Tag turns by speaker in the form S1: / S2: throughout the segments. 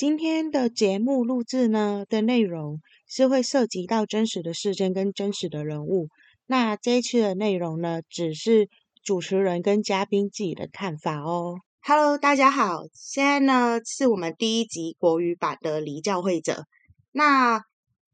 S1: 今天的節目錄製呢的內容是會涉及到真實的事件跟真實的人物，那這一期的內容呢只是主持人跟嘉賓自己的看法哦。Hello，大家好，現在呢是我們第一集國語版的《離教會者》那，那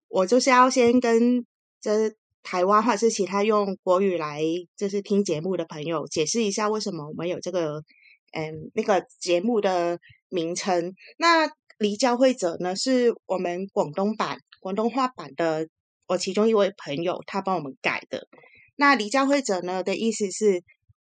S1: 我就是要先跟這台灣或是其他用國語來就是聽節目的朋友解釋一下，為什麼我們有這個嗯那個節目的名稱那。離教會者呢，是我們廣東版、廣東話版的我其中一位朋友，他幫我們改的。那離教會者呢的意思是，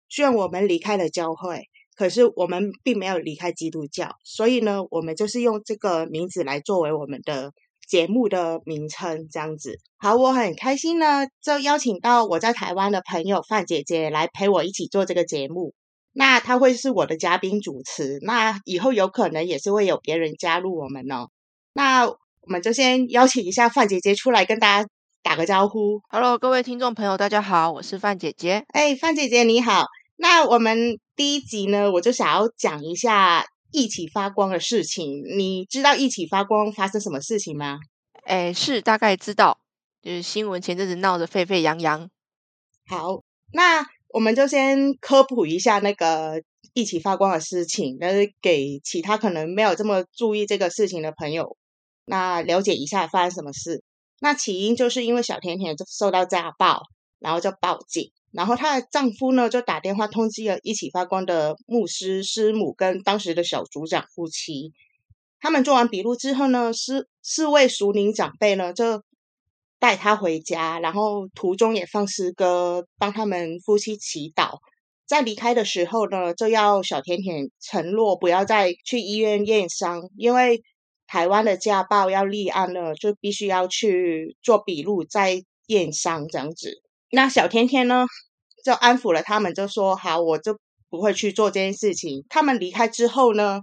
S1: 雖然我們離開了教會，可是我們並沒有離開基督教，所以呢，我們就是用這個名字來作為我們的節目的名稱，這樣子。好，我很開心呢，就邀請到我在台灣的朋友范姐姐來陪我一起做這個節目。那他會是我的嘉賓主持，那以後有可能也是會有別人加入我們哦。那我們就先邀請一下范姐姐出來跟大家打個招呼。Hello，各位聽眾朋友，大家好，我是范姐姐。誒、哎、范姐姐你好。那我們第一集呢，我就想要講一下藝起發光的事情。你知道藝起發光發生什麼事情嗎？誒、哎、是大概知道，就是新聞前陣子鬧得沸沸揚揚。好，那。我們就先科普一下那個藝起發光的事情，但是給其他可能沒有這麼注意這個事情的朋友，那了解一下發生什麼事。那起因就是因為小甜甜就受到家暴，然後就報警，然後她的丈夫呢就打電話通知了藝起發光的牧師師母跟當時的小組長夫妻，他們做完筆錄之後呢，四四位熟齡長輩呢就帶他回家，然後途中也放詩歌，幫他們夫妻祈禱。在離開的時候呢，就要小甜甜承諾不要再去醫院驗傷，因為台灣的家暴要立案了，就必須要去做筆錄再驗傷這樣子。那小甜甜呢，就安撫了他們，就說：“好，我就不會去做這件事情。”他們離開之後呢，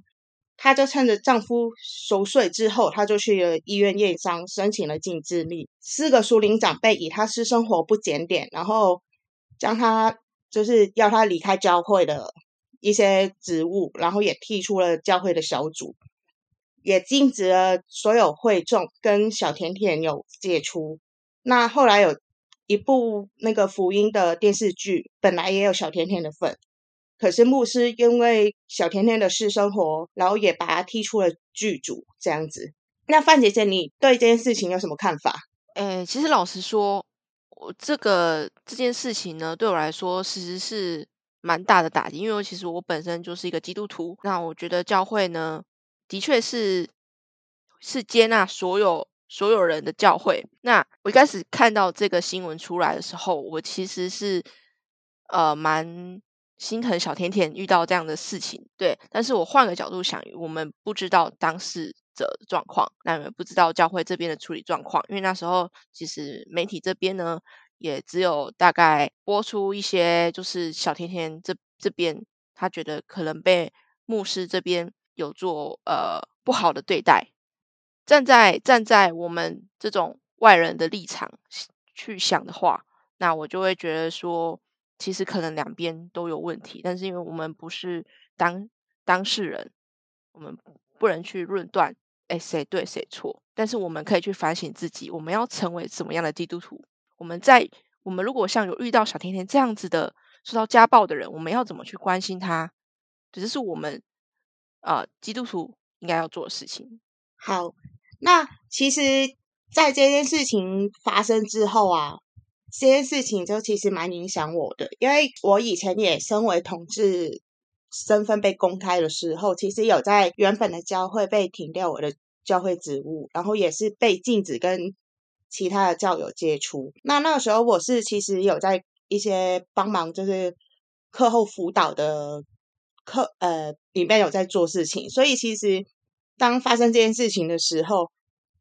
S1: 她就趁着丈夫熟睡之後，她就去了醫院驗傷，申請了禁制令。四個屬靈長輩以她私生活不檢點，然後將她就是要她離開教會的一些職務，然後也踢出了教會的小組，也禁止了所有會眾跟小甜甜有接觸。那後來有一部那個福音的電視劇，本來也有小甜甜的份。可是牧師因為小甜甜的私生活，然後也把她踢出了劇組這樣子。那范姐姐，你對這件事情有什麼看法？哎，其實老實
S2: 說，我這個這件事情呢，對我來說其實是蠻大的打擊，因為其實我本身就是一個基督徒。那我覺得教會呢，的確是是接納所有所有人的教會。那我一開始看到這個新聞出來的時候，我其實是呃蠻。心疼小甜甜遇到這樣的事情，對，但是我換個角度想，我們不知道當事者的狀況，那也不知道教會這邊的處理狀況，因為那時候其實媒體這邊呢，也只有大概播出一些，就是小甜甜這這邊她覺得可能被牧師這邊有做呃不好的對待。站在站在我們這種外人的立場去想的話，那我就會覺得說。其實可能兩邊都有問題，但是因為我們不是當當事人，我們不,不能去論斷，誒、欸、誰對誰錯。但是我們可以去反省自己，我們要成為怎麼樣的基督徒？我們在，我們如果像有遇到小甜甜這樣子的，受到家暴的人，我們要怎麼去關心他？這是我們啊、呃，基督徒應該要做的事
S1: 情。好，那其實，在這件事情發生之後啊。這件事情就其實蠻影響我的，因為我以前也身為同志身份被公開的時候，其實有在原本的教會被停掉我的教會職務，然後也是被禁止跟其他的教友接觸。那那個時候我是其實有在一些幫忙，就是課後輔導的課，呃，裡面有在做事情，所以其實當發生這件事情的時候，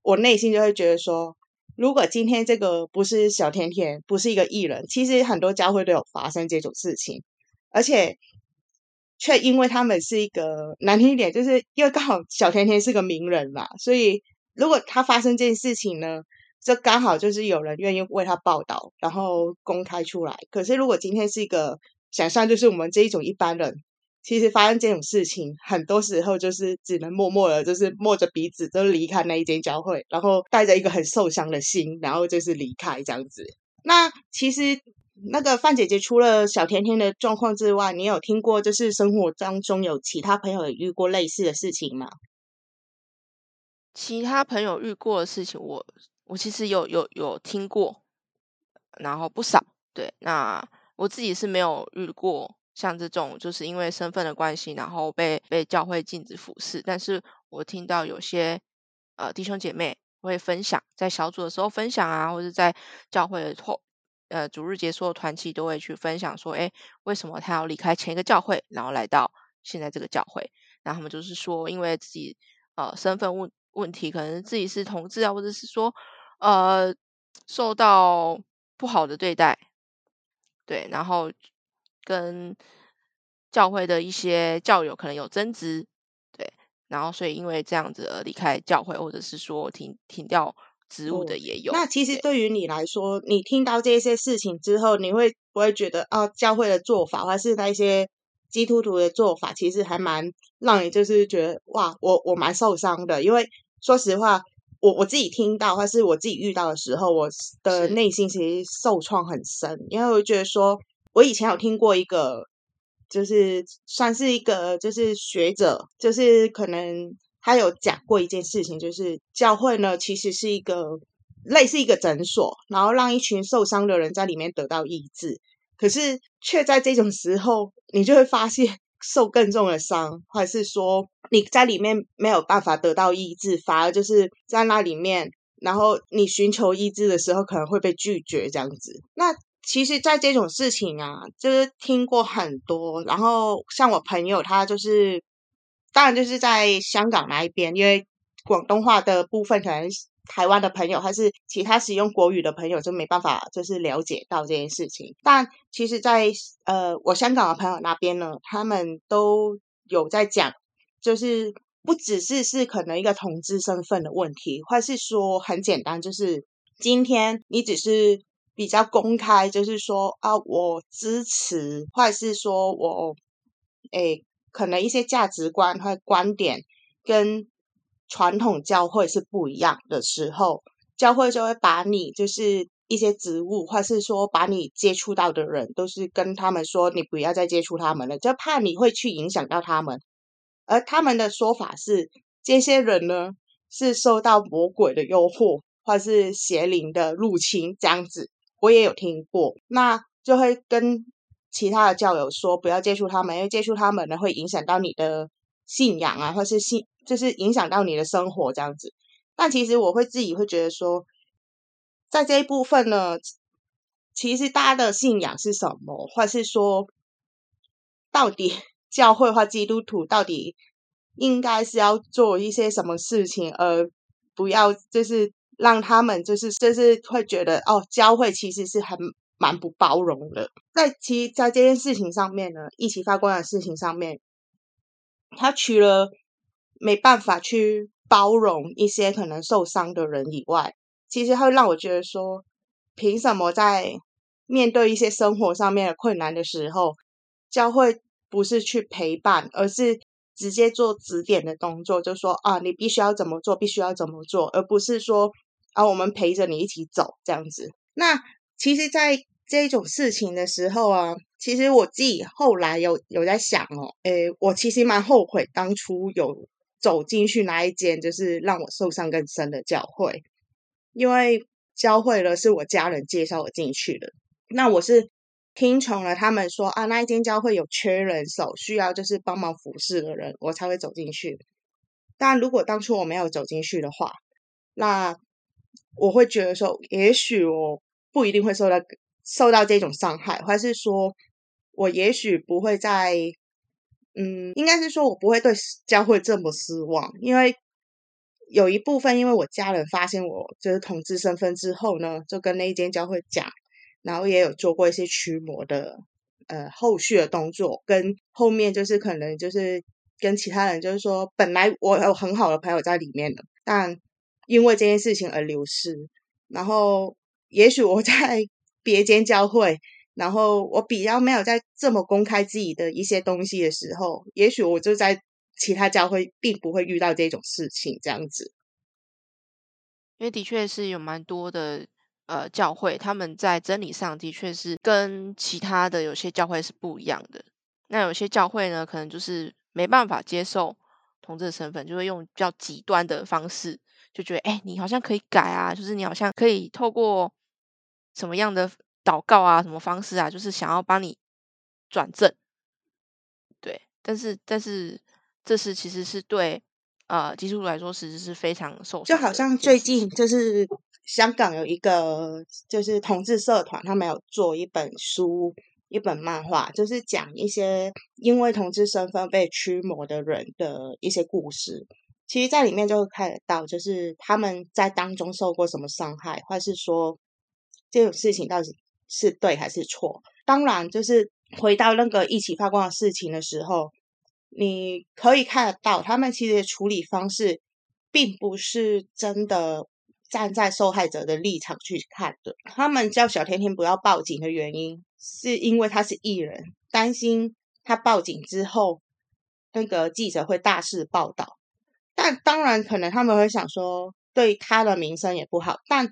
S1: 我內心就會覺得說。如果今天這個不是小甜甜，不是一個藝人，其實很多教會都有發生這種事情，而且卻因為他們是一個難聽一點，就是因為剛好小甜甜是個名人嘛，所以如果他發生這件事情呢，這剛好就是有人願意為他報道，然後公開出來。可是如果今天是一個想象，就是我們這一種一般人。其實發生這種事情，很多時候就是只能默默的，就是摸着鼻子就離開那一間教會，然後帶着一個很受傷的心，然後就是離開這樣子。那其實那個范姐姐除了小甜甜的狀況之外，你有聽過就是生活當中有其他朋友也遇過類似的事情嗎？
S2: 其他朋友遇過的事情我，我我其實有有有聽過，然後不少。對，那我自己是沒有遇過。像這種，就是因為身份的關係，然後被被教會禁止服事。但是我聽到有些呃弟兄姐妹會分享，在小組的時候分享啊，或者在教會的呃主日結束團契都會去分享，說，哎，為什麼他要離開前一個教會，然後來到現在這個教會？然後他們就是說，因為自己呃身份問問題，可能自己是同志啊，或者是說呃受到不好的對待，對，然後。跟教會的一些教友可能有爭執，對，然後所以因為這樣子而離開
S1: 教會，或者是說
S2: 停停掉職務的也有。哦，那
S1: 其實對於你來說，你聽到這些事情之後，你會不會覺得啊，教會的做法，或者是那些基督徒的做法，其實還蠻讓你就是覺得哇，我我蠻受傷的。因為說實話，我我自己聽到或是我自己遇到的時候，我的內心其實受創很深，因為我覺得說。我以前有聽過一個，就是算是一個，就是學者，就是可能他有講過一件事情，就是教會呢，其實是一個類似一個診所，然後讓一群受傷的人在裡面得到醫治，可是卻在這種時候，你就會發現受更重的傷，或者是說你在裡面沒有辦法得到醫治，反而就是在那裡面，然後你尋求醫治的時候可能會被拒絕這樣子，那。其實，在這種事情啊，就是聽過很多。然後，像我朋友，他就是，當然就是在香港那一邊，因為廣東話的部分，可能是台灣的朋友，還是其他使用國語的朋友，就沒辦法就是了解到這件事情。但其實在，在呃，我香港的朋友那邊呢，他們都有在講，就是不只是是可能一個同志身份的問題，或是說很簡單，就是今天你只是。比較公開，就是說啊，我支持，或是說我，哎、欸，可能一些價值觀或觀點跟傳統教會是不一樣的時候，教會就會把你，就是一些職務，或是說把你接觸到的人，都是跟他們說，你不要再接觸他們了，就怕你會去影響到他們。而他們的說法是，這些人呢是受到魔鬼的誘惑，或是邪靈的入侵，這樣子。我也有聽過，那就會跟其他的教友說不要接觸他們，因為接觸他們呢會影響到你的信仰啊，或是信就是影響到你的生活這樣子。但其實我會自己會覺得說，在這一部分呢，其實大家的信仰是什麼，或是說到底教會或基督徒到底應該是要做一些什麼事情，而不要就是。讓他們就是就是會覺得哦，教會其實是很蠻不包容的。在其在這件事情上面呢，藝起發光的事情上面，他除了沒辦法去包容一些可能受傷的人以外，其實會讓我覺得說，憑什麼在面對一些生活上面的困難的時候，教會不是去陪伴，而是直接做指點的動作，就說啊，你必須要怎麼做，必須要怎麼做，而不是說。啊，我們陪着你一起走，這樣子。那其實，在這種事情的時候啊，其實我自己後來有有在想哦，誒，我其實蠻後悔當初有走進去那一間，就是讓我受傷更深的教會。因為教會了是我家人介紹我進去的，那我是聽從了他們說啊，那一間教會有缺人手，需要就是幫忙服侍的人，我才會走進去。但如果當初我沒有走進去的話，那。我會覺得說，也許我不一定會受到受到這種傷害，或者是說我也許不會再，嗯，應該是說我不會對教會這麼失望，因為有一部分因為我家人發現我就是同志身份之後呢，就跟那一間教會講，然後也有做過一些驅魔的，呃，後續的動作，跟後面就是可能就是跟其他人就是說，本來我有很好的朋友在裡面的，但。因為這件事情而流失，然後也許我在別間教會，然後我比較沒有在這麼公開自己的一些東西的時候，也許我就在其他教會，並不會遇到這種事情這樣子。
S2: 因為的確是有蠻多的呃教會，他們在真理上的確是跟其他的有些教會是不一樣的。那有些教會呢，可能就是沒辦法接受同志的身份，就會用比較極端的方式。就覺得，誒、欸、你好像可以改啊，就是你好像可以透過什麼樣的禱告啊，什麼方式啊，就是想要幫你轉正。對，但是但是，這是其實是對啊、呃、基督徒來說，
S1: 實質是非常受、就是，就好像最近就是香港有一個就是同志社團，他們有做一本書，一本漫畫，就是講一些因為同志身份被驅魔的人的一些故事。其實，在裡面就會看得到，就是他們在當中受過什麼傷害，或者是說這種事情到底是對還是錯。當然，就是回到那個藝起發光的事情的時候，你可以看得到，他們其實處理方式並不是真的站在受害者的立場去看的。他們叫小甜甜不要報警的原因，是因為他是藝人，擔心他報警之後，那個記者會大肆報道。但當然，可能他們會想說，對他的名聲也不好。但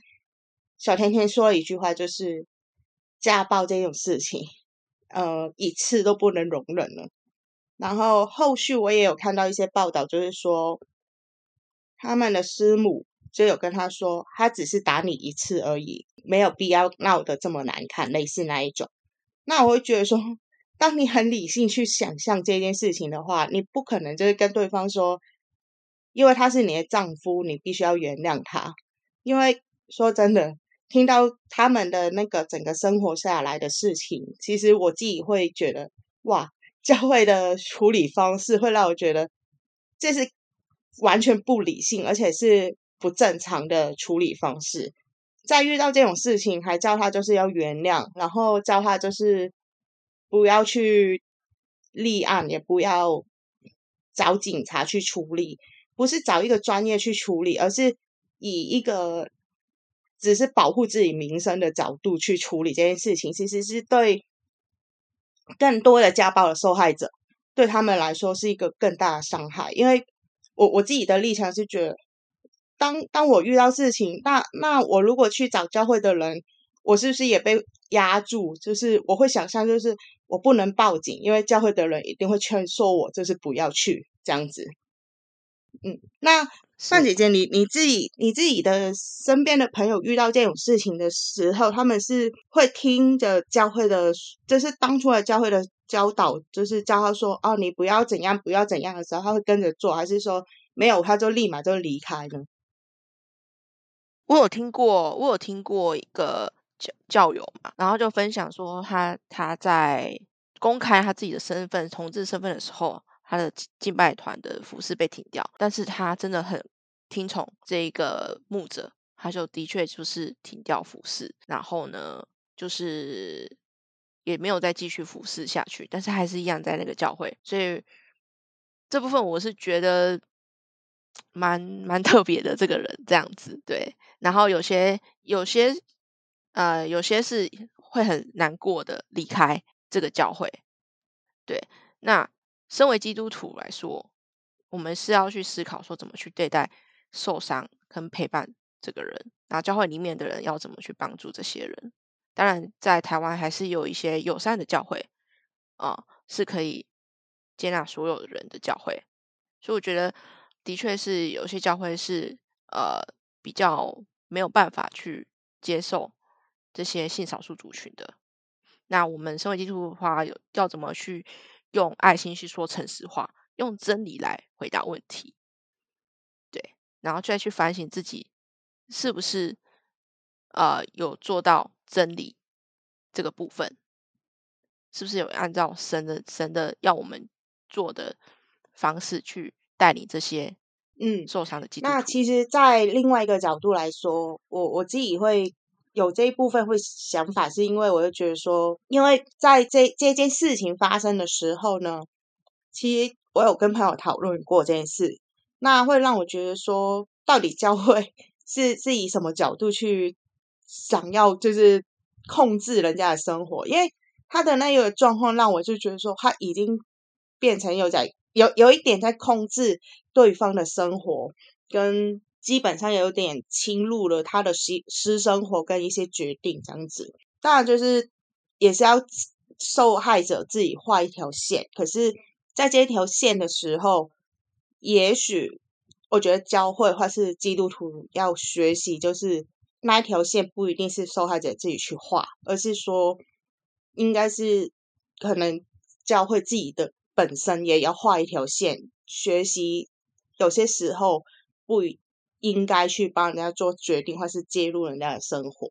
S1: 小甜甜說了一句話，就是家暴這種事情，呃，一次都不能容忍了。然後後續我也有看到一些報道，就是說他們的師母就有跟他說，他只是打你一次而已，沒有必要鬧得這麼難看，類似那一種。那我會覺得說，當你很理性去想像這件事情的話，你不可能就是跟對方說。因為他是你的丈夫，你必須要原諒他。因為說真的，聽到他們的那個整個生活下來的事情，其實我自己會覺得，哇，教會的處理方式會讓我覺得這是完全不理性，而且是不正常的處理方式。在遇到這種事情，還叫他就是要原諒，然後叫他就是不要去立案，也不要找警察去處理。不是找一個專業去處理，而是以一個只是保護自己名聲的角度去處理這件事情。其實是對更多的家暴的受害者，對他們來說是一個更大的傷害。因為我，我我自己的立場是覺得當，當當我遇到事情，那那我如果去找教會的人，我是不是也被壓住？就是我會想象，就是我不能報警，因為教會的人一定會勸說我，就是不要去這樣子。嗯，那范姐姐你，你你自己、你自己的身邊的朋友遇到這種事情的時候，他們是會聽着教會的，就是當初的教會的教導，就是教他說：“哦，你不要怎樣，不要怎樣的時候，他會跟着做，還是說沒有，他就立馬就離開呢？我有聽過，
S2: 我有聽過一個教教友嘛，然後就分享說他，他他在公開他自己的身份，同志身份的時候。他的敬拜團的服侍被停掉，但是他真的很聽從這個牧者，他就的確就是停掉服侍，然後呢，就是也沒有再繼續服侍下去，但是還是一樣在那個教會。所以這部分我是覺得蠻蠻特別的。這個人這樣子，對，然後有些有些呃有些是會很難過的離開這個教會，對，那。身為基督徒來說，我們是要去思考說怎麼去對待受傷跟陪伴這個人，然後教會裡面的人要怎麼去幫助這些人。當然，在台灣還是有一些友善的教會啊、呃，是可以接納所有的人的教會。所以，我覺得的確是有些教會是呃比較沒有辦法去接受這些性少數族群的。那我們身為基督徒的話，有要怎麼去？用愛心去說誠實話，用真理來回答問題，對，然後再去反省自己是不是呃有做到真理這個部分，是不是有按照神的神的
S1: 要我們做的方式去帶領這些嗯受傷的基督、嗯、那其實，在另外一個角度來說，我我自己會。有這一部分會想法，是因為我就覺得說，因為在這這件事情發生的時候呢，其實我有跟朋友討論過這件事，那會讓我覺得說，到底教會是是以什麼角度去想要就是控制人家的生活？因為他的那一個狀況讓我就覺得說，他已經變成有在有有一點在控制對方的生活跟。基本上有點侵入了他的私私生活跟一些決定這樣子，當然就是也是要受害者自己畫一條線。可是，在這條線的時候，也許我覺得教會或是基督徒要學習，就是那一條線不一定是受害者自己去畫，而是說應該是可能教會自己的本身也要畫一條線。學習有些時候不一，應該去幫人家做決定，或是介入人家的生活。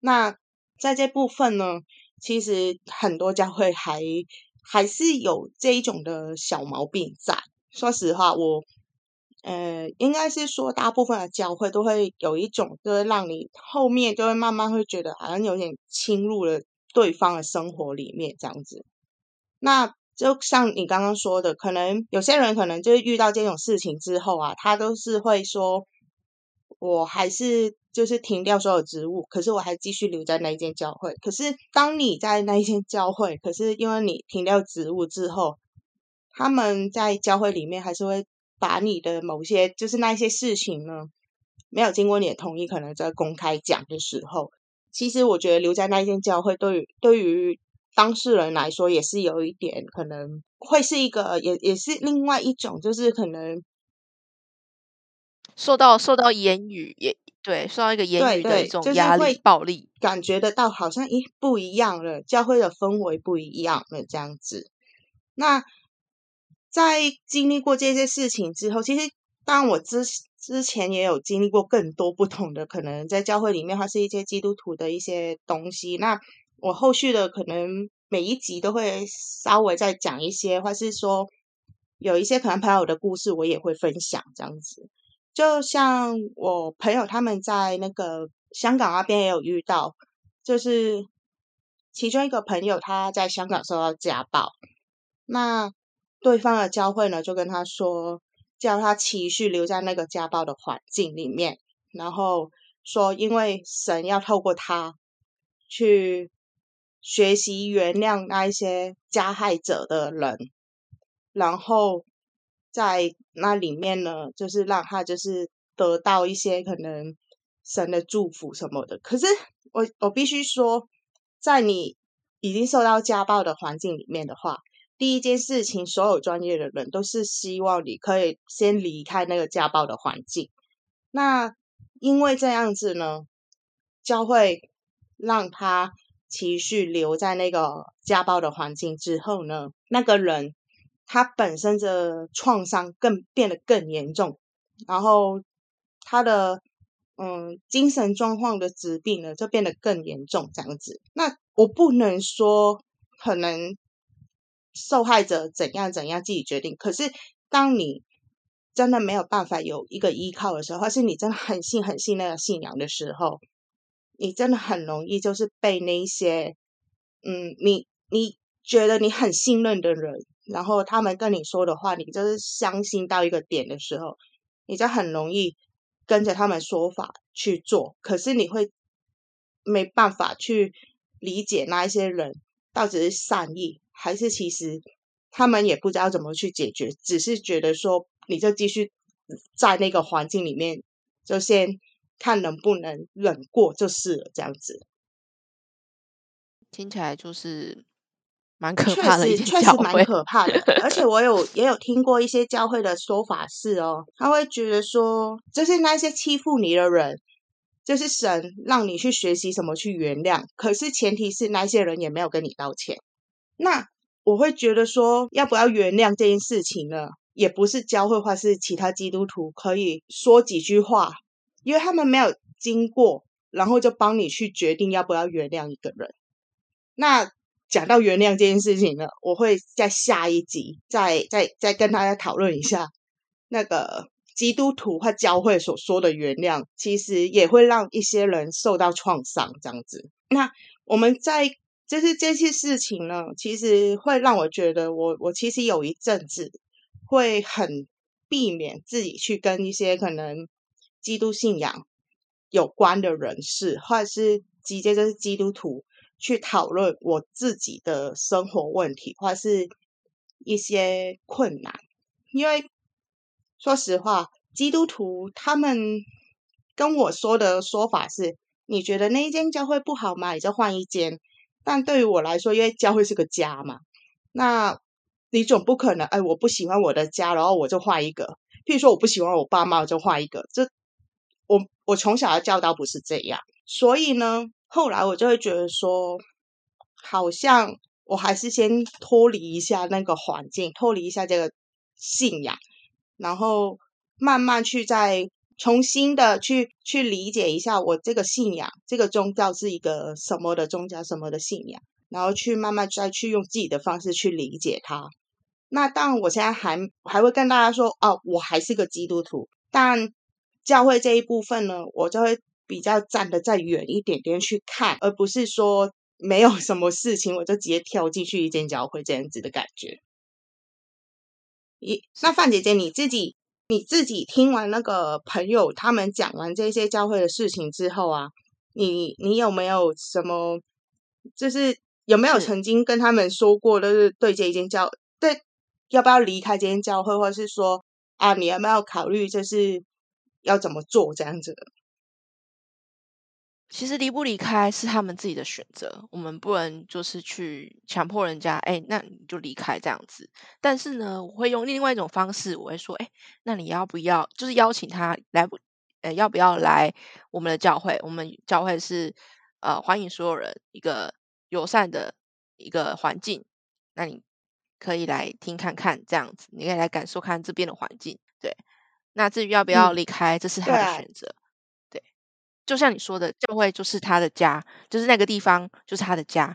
S1: 那在這部分呢，其實很多教會還還是有這一種的小毛病在。說實話，我呃，應該是說大部分的教會都會有一種，就是讓你後面就會慢慢會覺得好像有點侵入了對方的生活裡面這樣子。那就像你剛剛說的，可能有些人可能就是遇到這種事情之後啊，他都是會說。我還是就是停掉所有職務，可是我還繼續留在那一間教會。可是當你在那一間教會，可是因為你停掉職務之後，他們在教會裡面還是會把你的某些就是那一些事情呢，沒有經過你的同意，可能在公開講的時候，其實我覺得留在那一間教會，對於對於當事人來說也是有一點可能會是一個也也是另外一種就是可能。受到受到言語也對，受到一個言語的一種壓力暴力，對對就是、感覺得到好像一不一樣了，教會的氛圍不一樣了這樣子。那在經歷過這些事情之後，其實當我之之前也有經歷過更多不同的可能在教會裡面，或是一些基督徒的一些東西。那我後續的可能每一集都會稍微再講一些，或是說有一些可能朋友的故事，我也會分享這樣子。就像我朋友他們在那個香港那邊也有遇到，就是其中一個朋友他在香港受到家暴，那對方的教會呢就跟他說，叫他持續留在那個家暴的環境裡面，然後說因為神要透過他去學習原諒那一些加害者的人，然後。在那裡面呢，就是讓他就是得到一些可能神的祝福什麼的。可是我我必須說，在你已經受到家暴的環境裡面的話，第一件事情，所有專業的人都是希望你可以先離開那個家暴的環境。那因為這樣子呢，教會讓他持續留在那個家暴的環境之後呢，那個人。他本身的創傷更變得更嚴重，然後他的嗯精神狀況的疾病呢就變得更嚴重，這樣子。那我不能說可能受害者怎樣怎樣自己決定，可是當你真的沒有辦法有一個依靠的時候，或是你真的很信很信那個信仰的時候，你真的很容易就是被那一些嗯你你覺得你很信任的人，然後他們跟你說的話，你就是相信到一個點的時候，你就很容易跟着他們說法去做。可是你會沒辦法去理解那一些人到底是善意，還是其實他們也不知道怎麼去解決，只是覺得說你就繼續在那個環境裡面，就先看能不能忍過就是了。這樣子。
S2: 聽起來就是。蠻可怕的，確實確實蠻可怕的。 而且我有
S1: 也有聽過一些教會的說法是哦，他會覺得說，就是那些欺負你的人，就是神讓你去學習什麼去原諒。可是前提是那些人也沒有跟你道歉。那我會覺得說，要不要原諒這件事情呢？也不是教會或是其他基督徒可以說幾句話，因為他們沒有經過，然後就幫你去決定要不要原諒一個人。那。講到原諒這件事情呢，我會在下一集再再再跟大家討論一下那個基督徒或教會所說的原諒，其實也會讓一些人受到創傷。這樣子，那我們在就是這些事情呢，其實會讓我覺得我，我我其實有一陣子會很避免自己去跟一些可能基督信仰有關的人士，或者是直接就是基督徒。去討論我自己的生活問題，或者是一些困難。因為說實話，基督徒他們跟我說的說法是：你覺得那一間教會不好嗎？你就換一間。但對於我來說，因為教會是個家嘛，那你總不可能哎，我不喜歡我的家，然後我就換一個。譬如說，我不喜歡我爸媽，我就換一個。這我我從小的教導不是這樣，所以呢。後來我就會覺得說，好像我還是先脫離一下那個環境，脫離一下這個信仰，然後慢慢去再重新的去去理解一下我這個信仰，這個宗教是一個什麼的宗教，什麼的信仰，然後去慢慢再去用自己的方式去理解它。那當然，我現在還還會跟大家說哦、啊，我還是個基督徒，但教會這一部分呢，我就會。比較站得再遠一點點去看，而不是說沒有什麼事情我就直接跳進去一間教會這樣子的感覺。一那范姐姐你自己你自己聽完那個朋友他們講完這些教會的事情之後啊，你你有沒有什麼就是有沒有曾經跟他們說過，就是對這一間教對要不要離開這間教會，或是說啊，你有沒有考慮就是要怎麼做這樣子的？其實離不離開是他們自己的
S2: 選擇，我們不能就是去強迫人家。哎，那你就離開這樣子。但是呢，我會用另外一種方式，我會說，哎，那你要不要就是邀請他來不？誒要不要來我們的教會？我們教會是呃歡迎所有人，一個友善的一個環境。那你可以來聽看看這樣子，你可以來感受看這邊的環境。對。那至於要不要離開，嗯，這是他的選擇。就像你說的，教會就是他的家，就是那個地方就是他的家。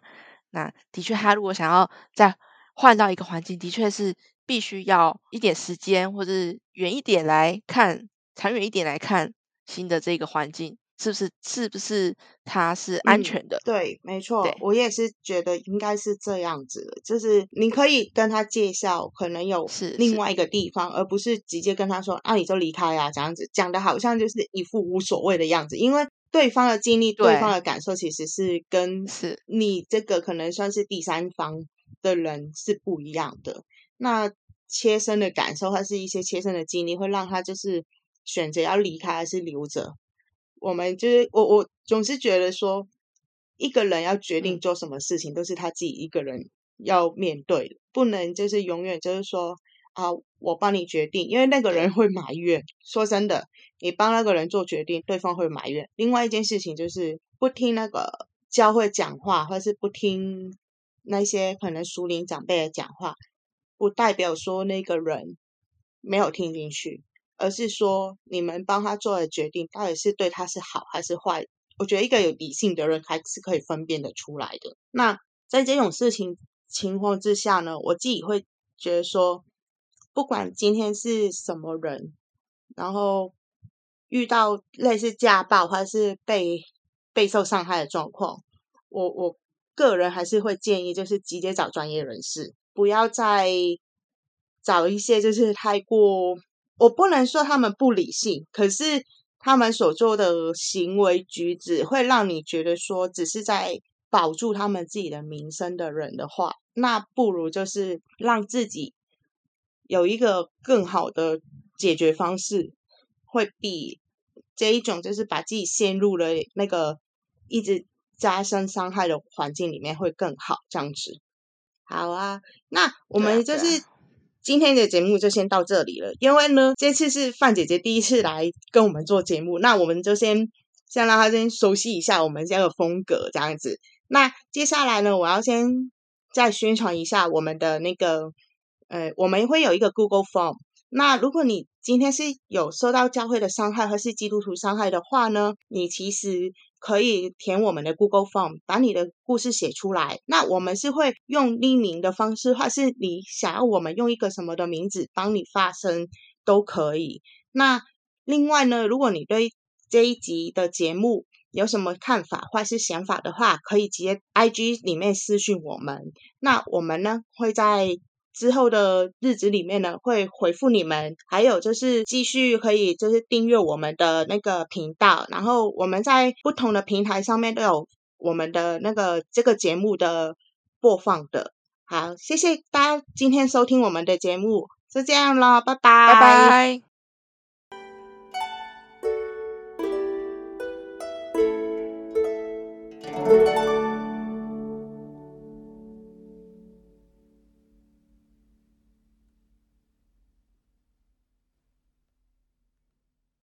S2: 那的確，他如果想要再換到一個環境，的確是必須要一點時間，或者是遠一點來看，長遠一點來看新的這個環境。是不是？是不是他是安全
S1: 的？嗯、對，沒錯，我也是覺得應該是這樣子的。就是你可以跟他介紹，可能有是另外一個地方是是，而不是直接跟他說啊，你就離開啊，這樣子講的好像就是一副無所謂的樣子。因為對方的經歷、對，對方的感受，其實是跟是你這個可能算是第三方的人是不一樣的。那切身的感受，還是一些切身的經歷，會讓他就是選擇要離開還是留着。我們就是我，我總是覺得說，一個人要決定做什麼事情，嗯、都是他自己一個人要面對的，不能就是永遠就是說啊，我幫你決定，因為那個人會埋怨。嗯、說真的，你幫那個人做決定，對方會埋怨。另外一件事情就是不聽那個教會講話，或是不聽那些可能熟齡長輩的講話，不代表說那個人沒有聽進去。而是說，你們幫他做的決定，到底是對他是好還是壞？我覺得一個有理性的人還是可以分辨得出來的。那在這種事情情況之下呢，我自己會覺得說，不管今天是什麼人，然後遇到類似家暴或者是被被受傷害的狀況，我我個人還是會建議，就是直接找專業人士，不要再找一些就是太過。我不能說他們不理性，可是他們所做的行為舉止會讓你覺得說，只是在保住他們自己的名聲的人的話，那不如就是讓自己有一個更好的解決方式，會比這一種就是把自己陷入了那個一直加深傷害的環境裡面會更好，這樣子。好啊，那我們就是，對啊。今天的節目就先到這裡了，因為呢，這次是范姐姐第一次來跟我們做節目，那我們就先先讓她先熟悉一下我們家的風格這樣子。那接下來呢，我要先再宣傳一下我們的那個，呃，我們會有一個 Google Form。那如果你今天是有受到教會的傷害或是基督徒傷害的話呢，你其實。可以填我們的 Google Form，把你的故事寫出來。那我們是會用匿名的方式，或是你想要我們用一個什麼的名字幫你發聲都可以。那另外呢，如果你對這一集的節目有什麼看法或是想法的話，可以直接 IG 裡面私訊我們。那我們呢，會在之後的日子裡面呢，會回復你們。還有就是繼續可以就是訂閱我們的那個頻道，然後我們在不同的平台上面都有我們的那個這個節目的播放的。好，謝謝大家今天收聽我們的節目，就這樣咯，拜拜。拜拜。